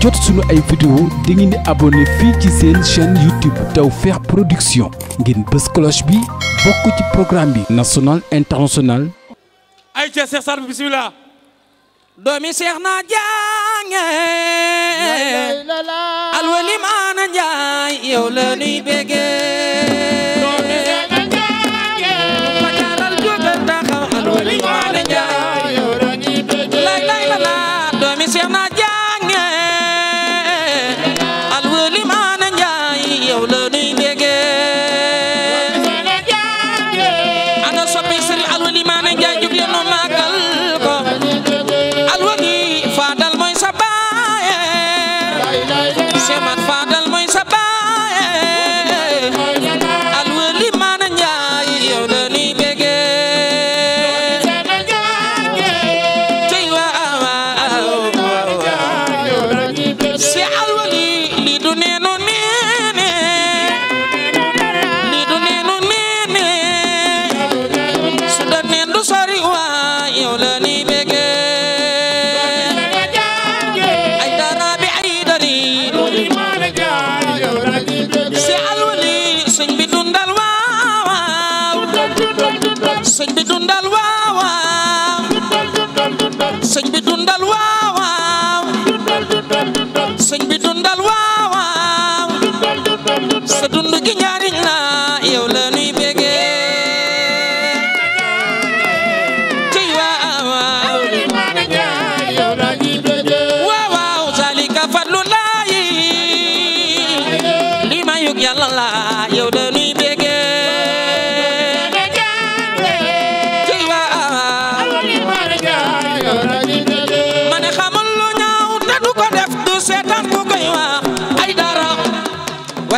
jot suñu ay vidéo da ngeen di abonné fii ci seen chaîne YouTube Tawfekh Production ngeen bës cloche bi bokk ci programme bi national international ay ca Cheikh Saad Bou doomi Cheikh na jange alwali maana njaay yow la nuy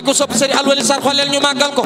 waaye ku sopp sëriñ Alwali Sarr xooleel ñu màggal ko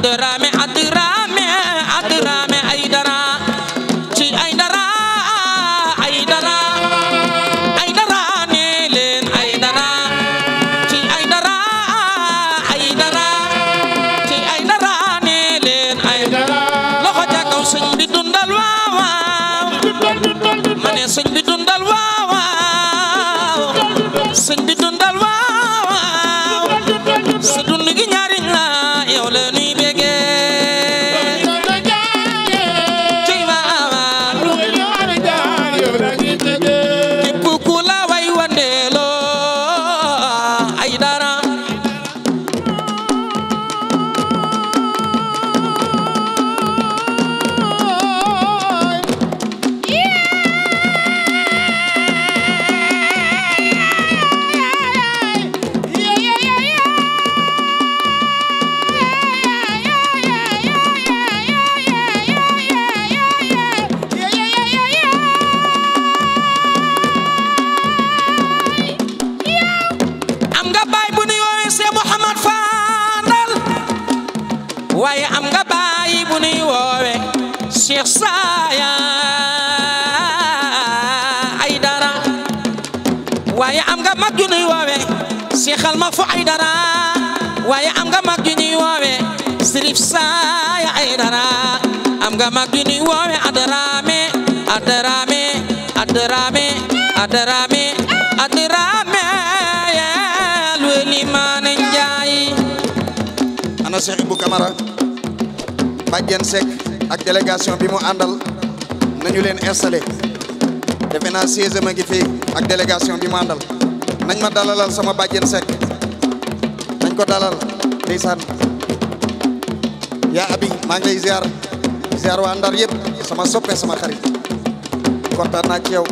adrame adrame adrame ay dara ci ay dara ay dara ay dara ne leen ay dara ci ay dara ay dara ci ay dara ne leen ay dara loxo ca kaw sëñ bi dundal waaw waaw ma ne sëñ bi ay dara waaye am nga mag ju ñuy woowe sirif saaya ay dara am nga mag ju ñuy woowe adraame adraame adraame adraame adraame yal weli maane njaay ana Cheikh Ibou Camara bàjjen Seck ak délégation bi mu àndal nañu leen installé defe naa siège ma ngi fii ak délégation bi mu àndal nañ ma dalalal sama bàjjen Seck nañ ko dalal ndeysaan yaa abi maa ngi lay ziar ziar waa Ndar yëpp sama soppe sama xarit kontaan naa ci yow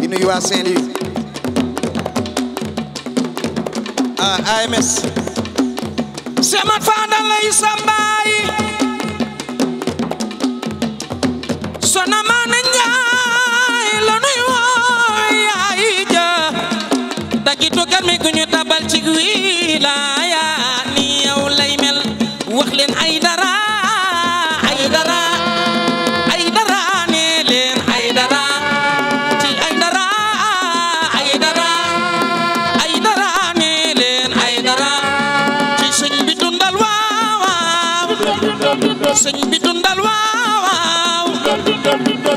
di nuyu waa Saint-Louis ah AMS semat fandal lay sambaay sona maana njaay la nuyu yaay ja dagitu gan mi gu ñu tabal ci wi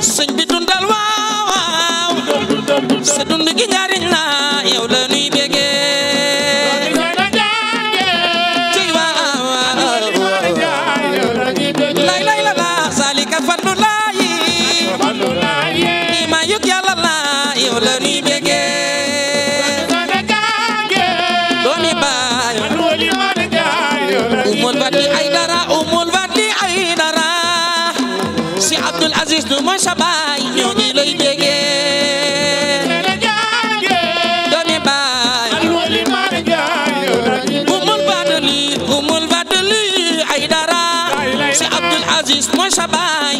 sëñ bi dundal waaw waaw sa dund gi yow la nuy bége lay lay la la salika fallu laayi i ma yug yow la nuy bége doomi baay umul ay dara umul wadi ay dara si abdul Aziz du mooy sa baay ñoo ngi lay bégee baay umul badali umul badali ay dara si baay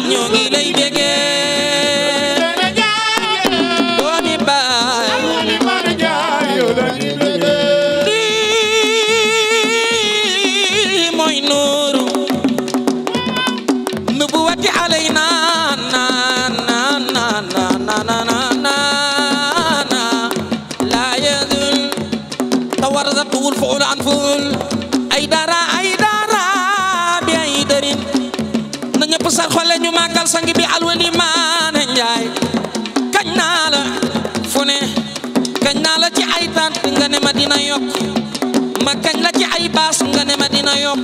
والوقت والفعل عن فول ay dara ay dara bi ay darin na ñëpp sar xol ñu màggal sangi bi alwali maana njaay kañ naa la fu kañ naa la ci ay tànt nga ne ma dina yokk ma kañ la ci ay baas nga ne ma dina yokk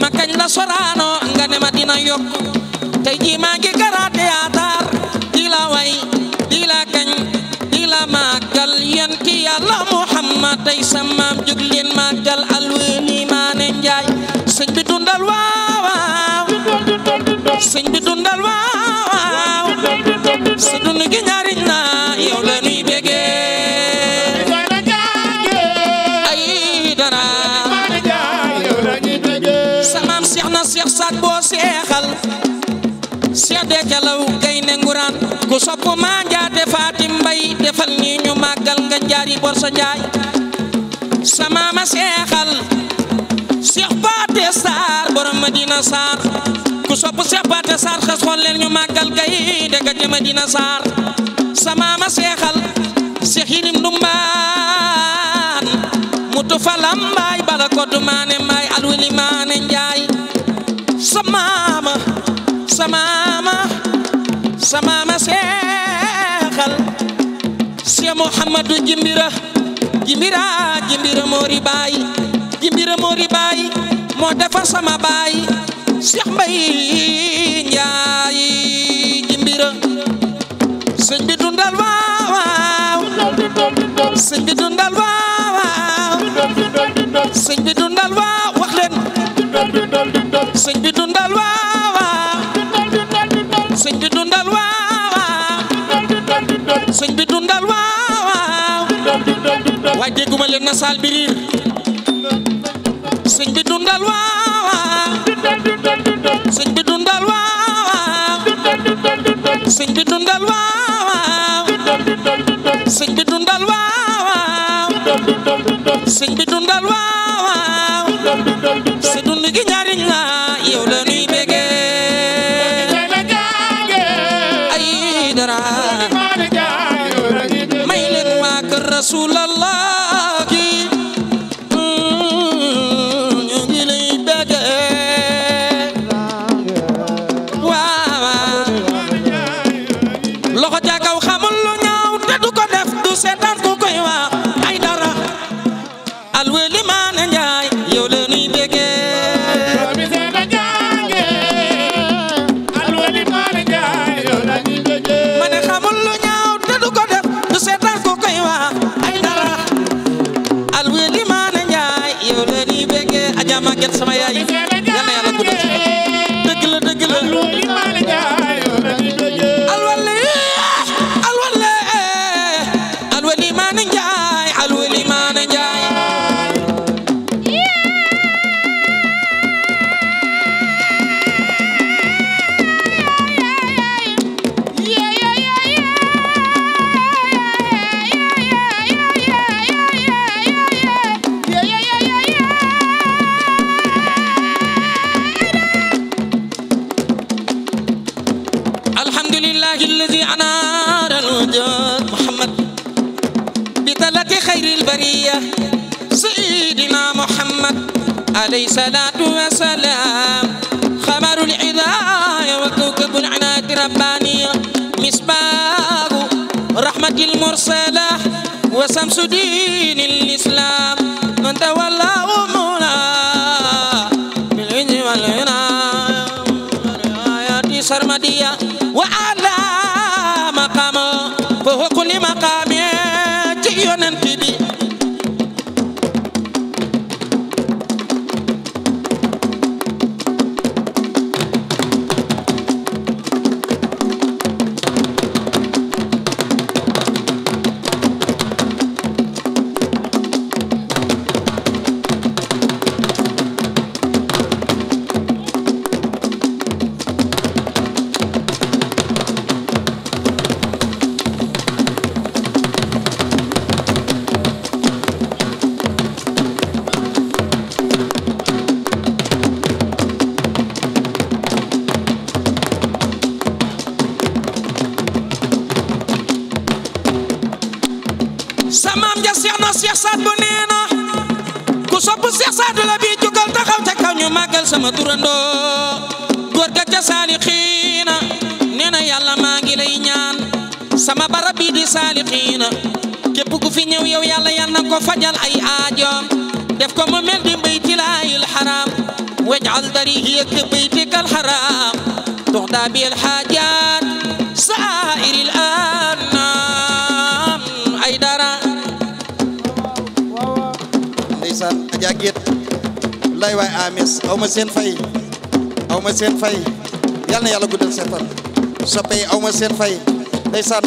ma kañ la soraano nga ne ma dina yokk tey jii maa ngi garaate yaataar di la way di la kañ di la màggal yenti yàlla ma tey samaam jóg leen màggal alwani njaay sëñ bi dundal waawaaw sëñ bi dundal waawaaw sa dund gi ñaariñ na yow la nuy bégee ay dara samaam seex na seex saat boo seexal seex dee jalaw gay ne nguraan ku sopp maa njaate faatim mbay defal nii ñu nga njaari bor njaay ma seexal Cheikh Pathé Sarr borom Madina Sarr ku sopp Cheikh Pathé Sarr xes xool ñu màggal gay dëgg ca Madina Sarr sama ma seexal Cheikh Yirim Dumbaan mutu falam mbaay bala ko du mbaay alwili maane njaay sama ma sama ma sama ma seexal Cheikh Mouhamadou Jimbira jimbira jimbira moori baay moo defar sama baay Cheikh Mbaye Njaay jimbira sëñ bi dundal waaw dundal dundal waaw wax waaw waaw waa dégguma leen na saal bi riir sëñ bi dundal waawaaw sëñ bi dundal waawaaw sëñ bi dundal waawaaw sëñ bi dundal waawaaw sëñ bi dundal waawaaw sa dund gi ñaariñ la yow la nuy bége ay dara may leen waa kër Rasulullah Njaay البرية سيدنا محمد عليه الصلاة والسلام خبر العذايا وكوكب العناك ربانية مصباح رحمة المرسلة وشمس دين الإسلام من تولاه مولاه بالعز والغنى بالآيات سرمدية وعلى مقامه فهو كل مقام جيون بي samaam ja seex na seex saat bu nee ku sopp seex saat la bi jugal taxaw ca kaw ñu màggal sama turandoo góor ga ca saalixiina nee na yàlla maa ngi lay ñaan sama barab bi di saalixiina képp ku fi ñëw yow yàlla yal na ko fajal ay aajoom def ko mel di baytilaayil xaraam wajal darihi ka baytikal xaraam tuxdaa bi alxaajaat ja géet waay amis aw ma seen fay aw ma seen fay yal na yàlla guddal seen fan soppe aw ma seen fay ndeysaan